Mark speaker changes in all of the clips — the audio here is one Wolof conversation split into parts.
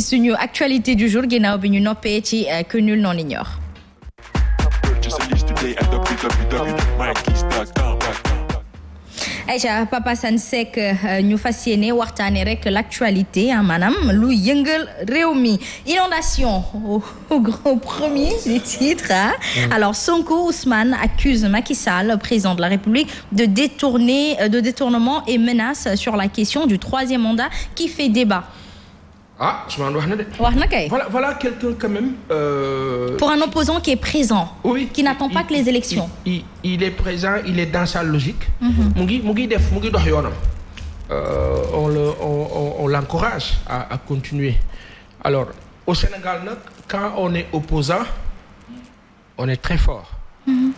Speaker 1: suñu actualité du ginnaaw bi ñu noppee ci eh, que nul Papa San Seck eh, ñu fas yéene waxtaanee rek l'actualité maanaam lu yëngal réew mi inondation au grand premier des titres mm. alors Sonko Ousmane accuse Macky Sall président de la République de détourner euh, de détournement et menace sur la question du troisième mandat qui fait débat
Speaker 2: ah Ousmane wax na de. wax na kay voilà voilà quelqu'un quand même. Euh...
Speaker 1: pour un opposant qui est présent. oui qui n'attend pas il, que les élections. Il,
Speaker 2: il il est présent il est dans sa logique. Mhm. mu ngi mu ngi def mu ngi dox yoonam. Euh, on le on on, on l'encourage à à continuer alors au Sénégal nag quand on est opposant on est très fort. Mm -hmm.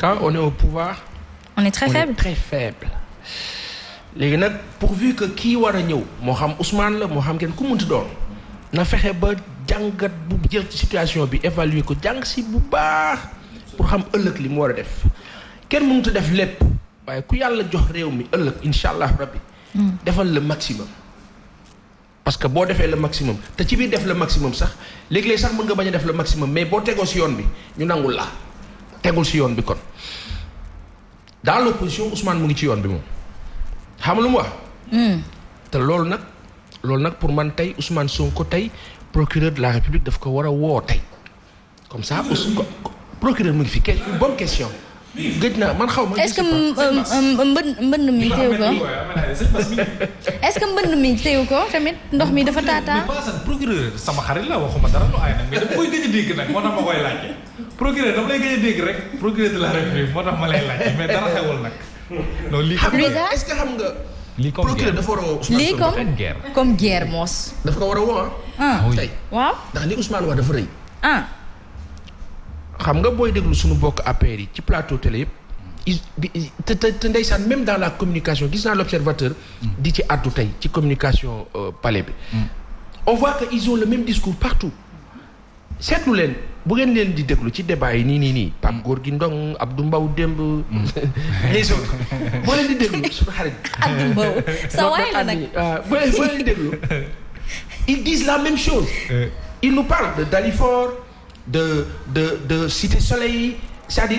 Speaker 2: quand on est au pouvoir.
Speaker 1: on est très on faible on est très faible.
Speaker 2: léegi nag pourvu que kii war a ñëw moo xam Ousmane la moo xam ngeen ku munti doon na fexe ba jàngat bu jël ci situation bi évaluer ko jàng si bu baax pour xam ëllëg li mu war a def kenn mënut def lépp waaye ku yàlla jox réew mi ëllëg incha allah rabbi hmm. defal le maximum. parce que boo defee le maximum te ci biir def le maximum sax léegi-léeg sax mën nga bañ a def le maximum mais boo tegoo si yoon bi ñu nangul la tegul si yoon bi kon dans l'opposition Ousmane mu ngi ci yoon bi moom. xam lu mu wax. Hmm. te loolu nag loolu nag pour man tey Ousmane ko tey procureur de la République daf ko war a woo tey comme ça procureur mu ngi fi question bonne question. gëj na man xaw ma. est-ce que mbënd mbënd mi téew que
Speaker 1: mbënd mi ko tamit ndox mi dafa taataa.
Speaker 3: sama xarit la waxuma dara lu aay nag mais koy gëj a dégg nag moo tax ma koy laajte procureur dama lay gëj a dégg rek procureur de la République moo tax ma lay laajte mais dara xewul nag. non lii xam nga
Speaker 1: est que xam nga.
Speaker 2: lii comme guerre dafa war a woo comme
Speaker 1: comme guerre moos.
Speaker 2: war a woo ah. ah waaw ndax li Ousmane wax dafa rëy. Ah. xam nga booy déglu suñu bokk APR yi ci plateau télé yëpp. te te ndeysaan même dans la communication gis naa l'observateur hmm. di ci àddu tey ci communication euh, palais bi. Hmm. on voit que ils même discours partout. seetlu leen. bu ngeen leen di déglu ci débat yi nii nii nii Pape mm. gi Ndong Abdou Mbow démb mm. les autres boo leen di déglu suñu xarit Abdou Mbow sa waay la nag euh, boo leen di déglu ils disent la même chose euh. ils nous parlent de de de de Cité Soleil cest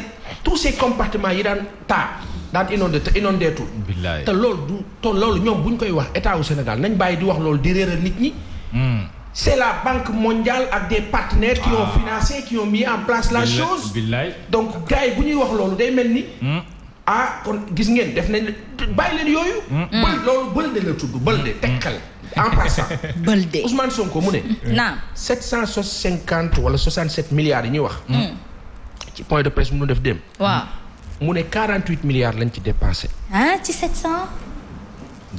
Speaker 2: tous ces compartiments yi daan taa daan inondé te inondéetul te lool du te loolu ñoom bu ñu koy wax état wu Sénégal nañ bàyyi di wax loolu di réeral nit ñi mm. c'est la Banque mondiale ak des partenaires qui ont ah. financé qui ont mis en place la chose donc gars bu ñuy wax loolu day mel ni hmm. ah kon gis ngeen def nañ bàyyi leen yooyu hmm. Hmm. bël loolu bël de la tudd bël de tekkal en passant bël de Ousmane Sonko mu ne naam sept cinquante wala soixante sept milliards yi ñuy wax ci point de presse mu nu def dem waa mu ne quarante huit milliards lañ ci dépensé
Speaker 1: ah ci sept cent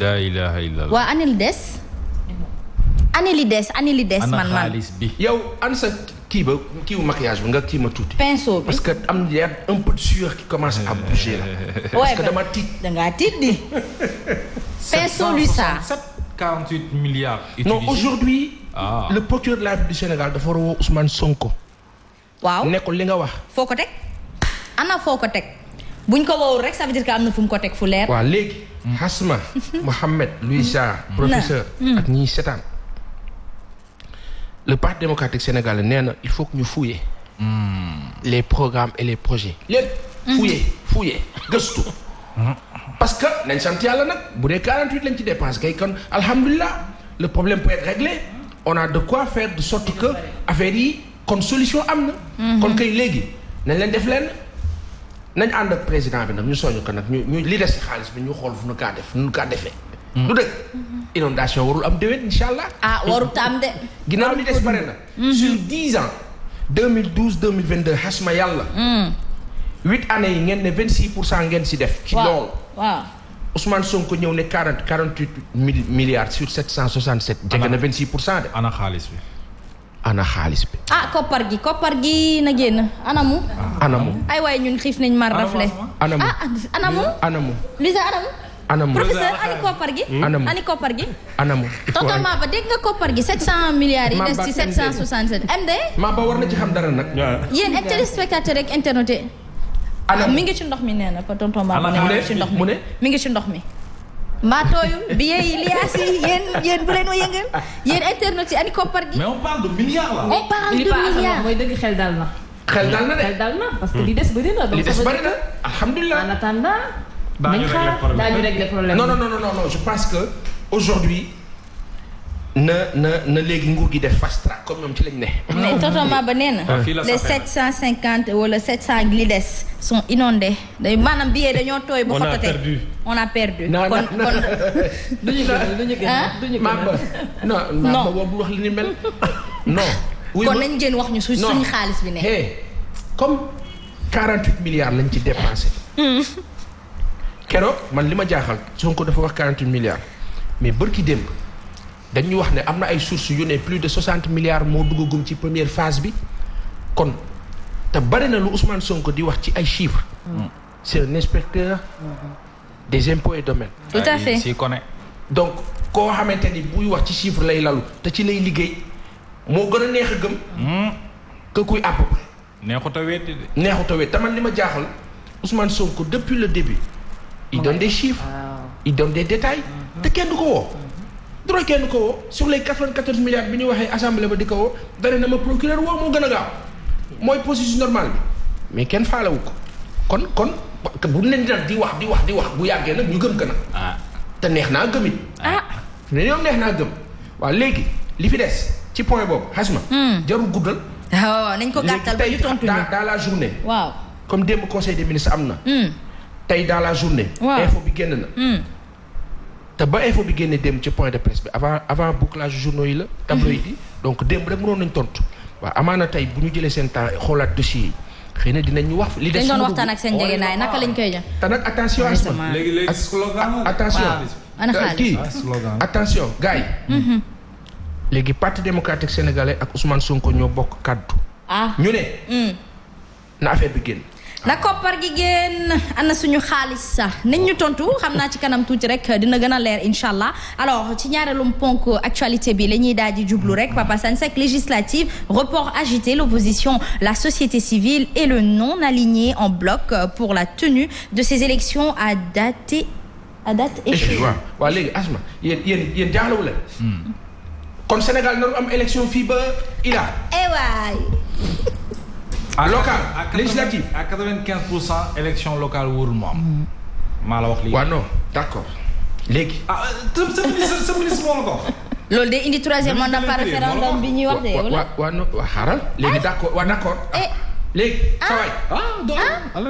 Speaker 2: la ilaha illallah waa
Speaker 1: anil des ani li des ani li des. man man
Speaker 2: yow an sa kii ba kii wu maquillage bi nga kii ma tuuti. pinceau bi parce que am na un peu de sueur qui
Speaker 1: tiit. da tiit
Speaker 3: di. pinceau lu ça.
Speaker 2: 48 milliards. Ah. le procureur la République du a woo Ousmane Sonko. waaw nekkul li nga wax.
Speaker 1: foo ko teg ana foo ko teg buñ ko woowul rek ça veut dire am na fu mu ko teg fu leer. waa léegi.
Speaker 2: Hasma Mohamed Louisa professeur hmm. ak ñiy setaan. le part démocratique sénégalais nee il faut que ñu fouiller hmm. les programmes et les projet lépp hmm. fouiller fouiller gëstu hmm. parce que nañ sant yàlla nag bu dee 48 lañ ci dépense kay kon alhamdulilah le problème peut être réglé on a de quoi faire de sorte que affaire yi kon solution am na kon kay léegi nañ leen def leen nañ ànd ak président bi nag ñu soñu ko nag ñu li des ci xaalis bi ñu xool fu nu kaa def fu nu kaa defee du mm. dëgg mm-hmm. inondation warul am déwén incha allah. ah warut am de. ginnaaw li des bare na. Mm-hmm. sur dix ans. deux mille yàlla. Mm. huit années yi ngeen ne vingt six pour cent ngeen si def. ci loolu waaw Ousmane Sonko ñëw ne quarante quarante huit mille milliards sur sept cent soixante sept. jege na vingt six pour cent de. ana xaalis bi. ana xaalis bi.
Speaker 1: ah koppar gi koppar gi na génn anamu. anamu ay waay ñun xiif nañ mar rafle. anamu ah anamu. anamu. Lisa anamu.
Speaker 2: anamu professeur hmm? ani koppar gi. anamu ani ma gi. anamu. tonton Maba
Speaker 1: dégg nga koppar gi 700 yi des ci 767. MD. Maba war
Speaker 2: na ci xam dara nag. waaw
Speaker 1: yéen ak internet yi. Ah, anamu mi ngi ci ndox mi nee na ko tonton Maba ne mi ngi mi ngi ci ndox mi. maa tooyul bi yee liaas yi yéen yéen bu leen ma yëngal yéen internet yi ani koppar gi. mooy dëgg xel dal na.
Speaker 2: xel dal na de xel
Speaker 1: dal na parce que li des bëri na. li des bëri na alhamdulilah en attendant
Speaker 2: daañu régler problème non non non non je pense que aujourd'hui na na na léegi nguur gi def fast track comme ñoom ci lañ ne. mais ah. tonton Maba nee na. Ah, les sept
Speaker 1: cent cinquante wala sept cent li des sont inondés day maanaam billet dañoo tooy. bu xottee on a perdu on a perdu. kon kon
Speaker 2: duñu duñu duñu non Maba boobu wax li ni mel. non. kon nañ
Speaker 1: jën wax ñu suñ suñu xaalis bi ne.
Speaker 2: comme quarante huit milliards lañ ci dépensé. Hmm. keroog man li ma jaaxal Sonko dafa wax 48 milliards mais bërki démb dañuy wax ne am na ay source yu ne plus de 60 milliards moo duggagum ci première phase bi kon te bari na lu Ousmane Sonko di wax ci ay chiffres. Mm. c'est un inspecteur. des impôts et domaines. tout à ah, fait donc koo xamante ni buy wax ci chiffre lay lalu te ci lay liggéey moo gën a neex a gëm. Mm. que kuy àpp. neexut a wéet de. te man li ma jaaxal Ousmane Sonko depuis le début. il donne des chiffres oh il donne des détails mm-hmm. te kenn du ko woo mm-hmm. droit kenn ko woo sur les 94 milliards bi ñu waxee assemblée ba di ko woo dana na ma procureur woo moo gën a gaaw mooy processus normal bi mais kenn faalewu ko kon kon bu leen di nag di wax di wax di wax bu yàggee nag ñu gëm ko a ah. te neex naa gëm it ah. ah ne ñoom neex naa gëm waaw léegi li fi des ci point boobu xasma hmm. jarul guddal waaw oh, nañ ko gàttal ba ñu tontu dans la journée waaw comme démb conseil des ministres am na hmm. tey dans la journée. waaw bi génn na. Hmm. te ba info bi génne dem ci point de presse bi avant avant bouclage journaux yi la. tabloïd yi donc démb rek mënoon nañ tontu. waaw amaana tey bu ñu jëlee seen temps xoolaat dossier yi xëy na dinañu wax. li des doon waxtaan ak
Speaker 1: seen njëgënaay naka lañ koy jox.
Speaker 2: te nag attention asma léegi attention ana xaalis kii ah, attention gars yi. Mm-hmm. léegi parti démocratique sénégalais ak Ousmane sunko ñoo bokk kàddu.
Speaker 1: ah ñu ne. Mm.
Speaker 2: na affaire bi génn.
Speaker 1: na koppar gi génn ana suñu xaalis sax nañ ñu tontu xam naa ci kanam tuuti rek dina gën a leer incha allah alors ci ñaareelum ponk actualité bi la ñuy daal di jublu rek Papa Sagne Seck législative report agité l'opposition la société civile et le non aligné en bloc pour la tenue de ces élections à date
Speaker 2: à date échue waaw waaw léegi Asma hmm. Sénégal naru élection fii ba Ila. eh à local législative à quatre-vingt-quinze pour cent élection locale wóorul moo am. maa la wax lii. waaw non d' accord. léegi. ah
Speaker 1: sa sa
Speaker 2: ministre moo la ko wax.
Speaker 1: loolu day indi troisième mandat par référendum bi ñuy wax de. wala
Speaker 2: wa wa xaaral. léegi d' accord waa d' accord. léegi. ah ah
Speaker 1: donc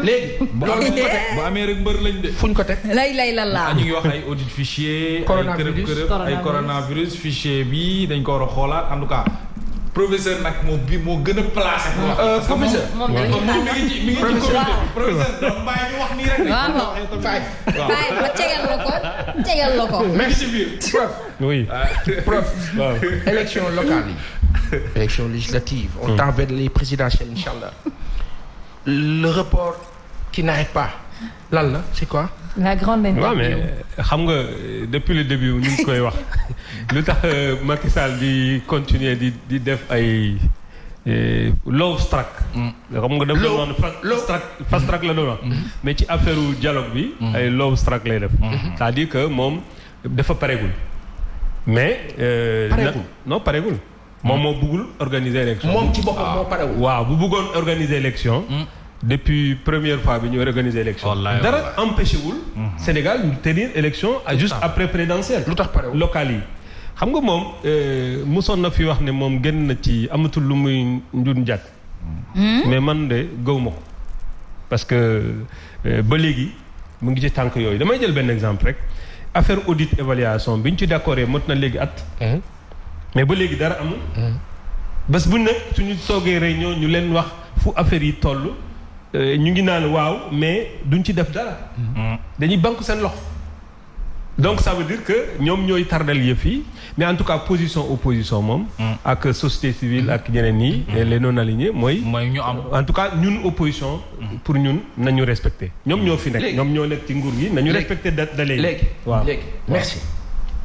Speaker 1: léegi. loolu fu ñu ko teg ba
Speaker 2: amee rek mbër lañ de. fu ñu ko teg.
Speaker 1: lay lay la laa.
Speaker 2: ñu ngi wax ay audit fichier. coronavirus ay kërëb kërëb ay coronavirus fichier bi dañ ko war a xoolaat en tout cas. professeur nag moo bi moo gën a placé. Euh, professeur moom dañuy xaar sax mi ngi ci mi ngi ci comité professeur donc bàyyi ñu wax nii rek. waaw waaw bàyyi bàyyi ba tegal la ko tegal la ko. merci ci biir prof. oui ah, prof. waaw élection locale yi. élection législative. on hmm. tend vers les présidentielles incha allah. le report qui n'arrête pas. lan la c'est quoi.
Speaker 1: la grande interview waaw mais
Speaker 3: euh, xam nga euh, depuis le début ñu ngi koy wax lu tax euh, Macky Sall di continuer di di def ay low strack. Mm. xam nga dafa doon fast track la doon wax. Mm-hmm. mais ci affaire dialogue bi. Mm-hmm. ay low strack lay def. Mm-hmm. cest dire que moom dafa pareegul. mais. pareegul non pareegul. moom mm. moo bëggul organiser élection. moom ci boppam moo pareegul. waaw bu buggoon organiser élection. Mm. depuis première fois bi ñu organiser élection. dara empêché wul. Mhm. Sénégal ñu tenir élection. juste après présidentielle. lu tax pare locale yi. xam nga moom euh, mosoon na fi wax ne moom génn na ci amatul lu muy njun jàkk. Hmm? mais man de gëw ko. parce que euh, ba léegi mu ngi ci tànk yooyu damay jël benn exemple rek affaire audit évaluation bi ñu ci d'accord mot na léegi at. Eh? mais ba léegi dara amul. Eh? bés bu nekk suñu soogee réunion ñu leen wax fu affaire yi toll. Euh, ñu ngi naan waaw mais duñ ci def dara. Mm-hmm. dañuy bank seen loxo. donc ça veut dire que ñoom ñooy tardel yëf yi mais en tout cas position opposition moom. Mm. ak société civile ak ñeneen ñi. Mm. les non mooy. mooy ñu am en tout cas ñun opposition. Mm. pour ñun nañu respecté. ñoom ñoo fi nekk ñoom ñoo nekk ci nguur gi nañu respecté da de yi.
Speaker 2: léegi léegi merci.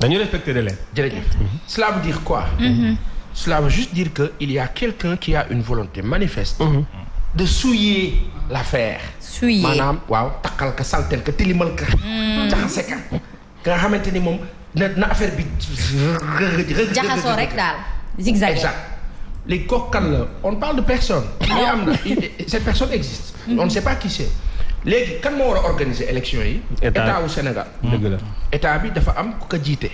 Speaker 2: nañu respecté délai. jërëjëf. Mm-hmm. cela veut dire quoi. Mm-hmm. cela veut juste dire que il y a quelqu'un qui a une volonté manifeste. de souiller l'affaire. souiller maanaam waaw takkal ka saltel ka tilimal ka. Hmm. jaxase ka nga xamante ni moom na na affaire bi. jaxasoo rek daal zigzag exact léegi kooku kan la on parle de personne. li am na cette personne existe. Hmm. on ne sait pas qui c'est. léegi kan moo war a organiser élection yi. état wu Sénégal. Hmm. dëgg la état bi dafa am ku ko jiite.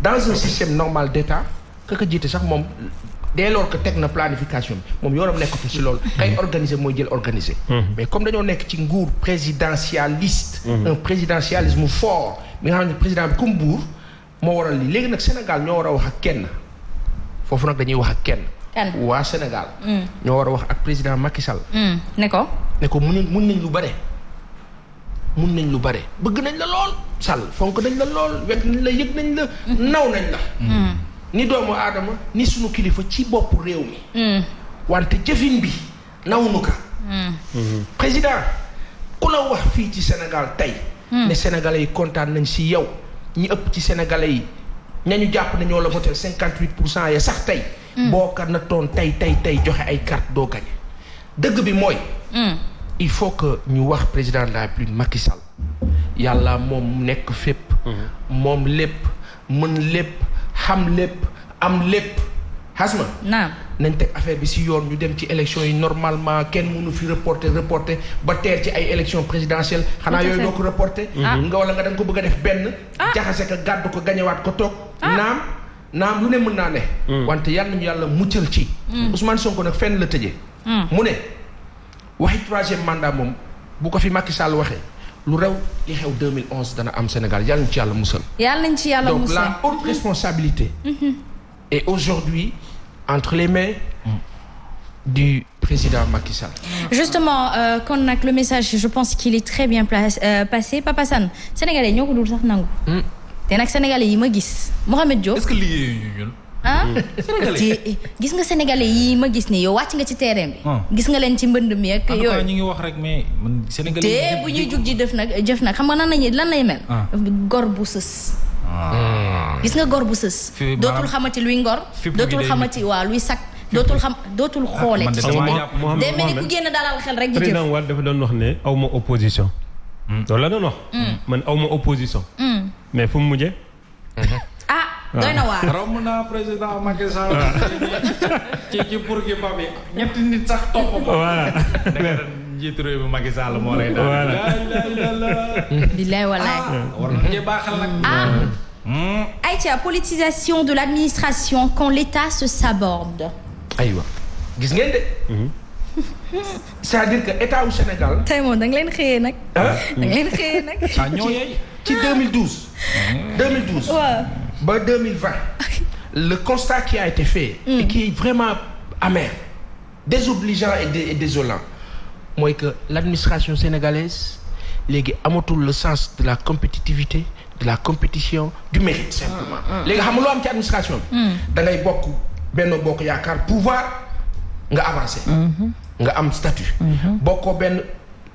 Speaker 2: dans un système normal d' état ku ko jiite sax moom dès lors que teg na planification bi moom yoonam nekkatu si loolu mhm. kay organiser mooy jël organiser mhm. mais comme dañoo nekk ci nguur présidentialiste mhm. un présidentialisme fort bi nga xam ne président bi moo waral lii léegi nag Sénégal ñoo war a wax ak kenn foofu nag dañuy wax ak kenn waa Sénégal mm. ñoo war a wax ak président Macky Sall mm. ne ko ne ko mun mun nañ lu bare mun nañ lu bare bëgg nañ la lool Sall fonk nañ la lool wekk nañ la yëg mm-hmm. naw ni doomu aadama ni sunu kilifa ci bopp réew mi. Mm. wante jëfin bi naw nu ka mm. mm-hmm. président ku la wax fii ci Sénégal tey. Mm. ne sénégalais yi kontaan nañ si yow ñu ëpp ci sénégalais yi ñu jàpp nañoo la voté cinquante huit pour cent ya sax tey. boo na nattoon tey tey tey joxe ay carte doo gañe dëgg bi mooy. il faut que ñu wax président de la République Macky yàlla moom nekk fépp. Mm-hmm. moom lépp mën lépp. xam lépp am lépp xasma naam nañ teg affaire bi si yoon ñu dem ci élection yi normalement kenn mënu fi reporter reporter ba teer ci ay élection présidentielle xanaa yooyu doo ko reporter ah. mm-hmm. nga wala nga da nga ko bëgg a def benn ah. jaxase ko gàddu ko gañewaat ko toog ah. naam naam lu ne mën naa ne mm. wante yàlla nañu yàlla mu muccal ci mm. Ousmane Sonko nag fenn la tëjee mm. mu ne waxi troisième mandat moom bu ko fi Macky Sall waxee lu rew li xew 2011 dana am Sénégal yàlla nañ ci yàlla musal.
Speaker 1: yàlla nañ ci yàlla musal donc la haute
Speaker 2: responsabilité. Mm-hmm. est aujourd'hui entre les mains du président Macky Sall.
Speaker 1: justement euh, kon nag le message je pense qu'il est très bien placé euh, passé Papa Sane sénégalais ñoo ko dul sax nangu. Hmm. te nag sénégalais yi ma gis Mouhamed Diop. est-ce que
Speaker 3: liggéeyuñu ñun.
Speaker 1: ah hmm. gis nga sénégalais yi ma gis ni yow wàcc nga ci terrain bi ah. gis nga leen ci mbënd mi ak yooyu ñu
Speaker 3: ngi wax rek mais man sénégalais bu ñuy jug
Speaker 1: ji def nag jëf nag xam nga nan lañuy lan lay mel ah. gor bu sës
Speaker 3: ah.
Speaker 1: gis nga gor bu sës dootul xamati luy ngor
Speaker 3: dootul xamati
Speaker 1: waa luy sakk dootul xam dootul ci day mel ni ku génn dalal
Speaker 2: xel rek ji jëf
Speaker 3: dafa doon wax ne awma opposition hmm. loolu la doon wax hmm. man awma opposition mais fu mu mujjee
Speaker 2: doy na waar ah. romb naa président
Speaker 3: Macky Sall. Ah. ci ci Bourguiba bi ñetti nit sax topp ko. voilà nekk njiitu réew bi Macky Sall moo lay daal.
Speaker 1: bilaay walaay.
Speaker 3: Ah,
Speaker 2: war na cee baaxal nag. ah.
Speaker 1: ayca hmm? politisation de l'administration quand l'État se saborde.
Speaker 2: aywa gis ngeen de. Mhm. c'est-à-dire que état wu Sénégal.
Speaker 1: tey moom da nga leen xëyee nag.
Speaker 2: da nga leen xëyee nag. ah ñoo ci 2012. 2012 waaw. ba 2020 le constat qui a été fait mm. et qui est vraiment amer désobligeant et, dé et désolant mooy que l'administration sénégalaise léegi amatul le sens de la compétitivité de la compétition du mérite simplement mm, mm, léegi xam nga loo am ci administration bi bokk benn bokk yaakaar pouvoir nga avancer mm-hmm. nga am statut mm-hmm. bokkoo benn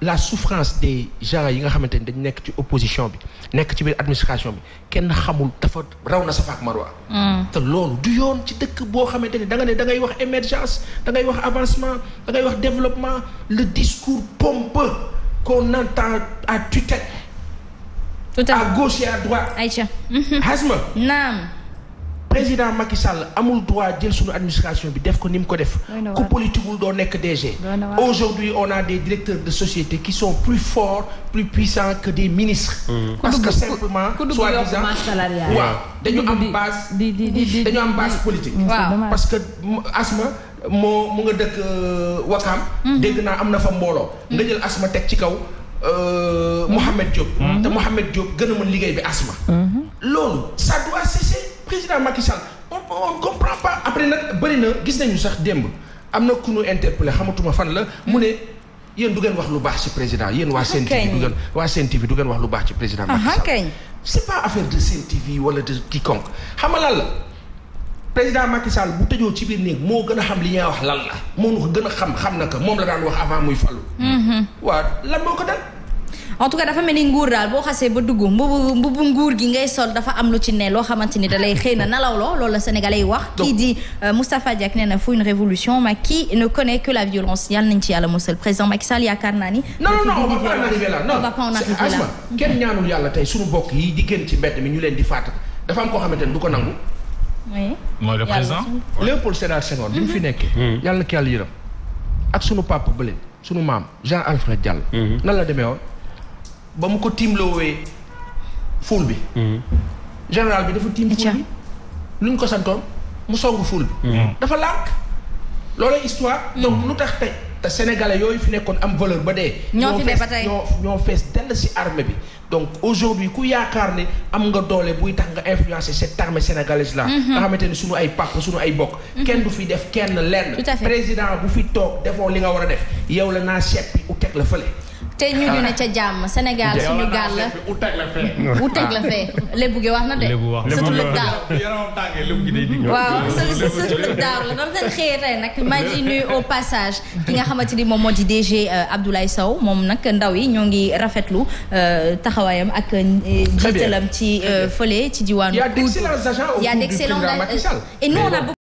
Speaker 2: la souffrance des gens yi nga xamante ni dañu nekk ci opposition bi nekk ci biir administration bi kenn xamul dafa raw na sa safaak marwa mm. te loolu du yoon ci dëkk boo xamante ni da nga ne da ngay wax émergence da ngay wax avancement da ngay wax développement le discours pompeux qu'on entend à tue-tête tout à gauche et à droite. Aïcha. Hasma. Naam. président Macky Sall amul droit jël suñu administration bi def ko ni mu ko def ku politiqueul doo nekk DG aujourd'hui on a des directeurs de société qui sont plus forts plus puissants que des ministres parce que simplement soi-disant waaw dañu am base dañu am base politique parce que asma moo mu nga dëkk euh, Wakaam mm. dégg naa am na fa mbooloo mm. nga jël asma teg ci kaw euh, Mohamed Diop mm. te Mohamed Diop gën a mën liggéey bi asma mm-hmm. loolu ça doit cesser président Macky Sall on comprend pas après nag bëri na gis nañu sax démb am na ku ñu interpellé xamatuma fan la mu ne yéen du ngeen wax lu baax ci président yéen waa Sen TV du ngeen waa Sen TV du ngeen wax lu baax ci président Macky Sall c'est pas affaire de Sen TV wala de quiconque xam nga lan la président Macky Sall bu tëjoo ci biir néeg moo gën a xam li ñuy wax lan la moo ñu gën a xam xam na ko moom la daan wax avant muy falu mhm. waa lan ko dal
Speaker 1: en tout cas dafa mel ni nguur daal boo xasee ba dugg mbubu mbubu nguur gi ngay sol dafa am lu ci ne loo xamante ni da lay xëy na nalaw loo loolu la sénégalais yi wax kii di euh, Moustapha Diack nee na faut une révolution mais qui ne connaît que la violence yàlla nañ ci yàlla musal président Macky Sall yaakaar naa ni non non non on va pas en arriver là non on va pas en arriver là
Speaker 2: kenn ñaanul yàlla tey suñu bokk yi di génn ci mbedd mi ñu leen di faat dafa am koo xamante ne du ko nangu oui mooy le président Léopold Sédar Senghor bi mu fi mhm. nekkee mhm. yàlla ki yàlla yërëm ak sunu papa bële sunu maam Jean Alfred Diallo mhm. nan la demee woon ba mu ko tiim tiimloowee ful bi. Mm-hmm. général bi dafa tiim ful bi. luñ ko santoon mu songu ful bi. Mm-hmm. dafa lànk looloo histoire. Mm-hmm. donc lu tax tey te sénégalais yooyu fi nekkoon am valeur ba dee. ñoo fi ne ba tey ñoo ñoo fees dell si arme bi. donc aujourd'hui ku yaakaar ni am nga doole buy tax nga influencer cette armée sénégalaise la nga xamante ni sunu ay papa sunu ay bokk. kenn du fi def kenn lenn. président bu fi toog defoo li nga war a def yow la naa seppi u teg la fële.
Speaker 1: te ñu ñu ah. ne ca jàmm Sénégal suñu gaal la
Speaker 2: uteg la fee
Speaker 1: lébu gi wax na de surtout lëb daaw
Speaker 2: waaw la doon
Speaker 1: seen nag maa au passage ki nga xamante ni moom moo di DG euh, Abdoulaye saw moom nag ndaw yi ñoo ngi rafetlu euh, taxawaayam ak euh, jiitalam ci fële ci diwaanu y a d'excellents agents et nous on a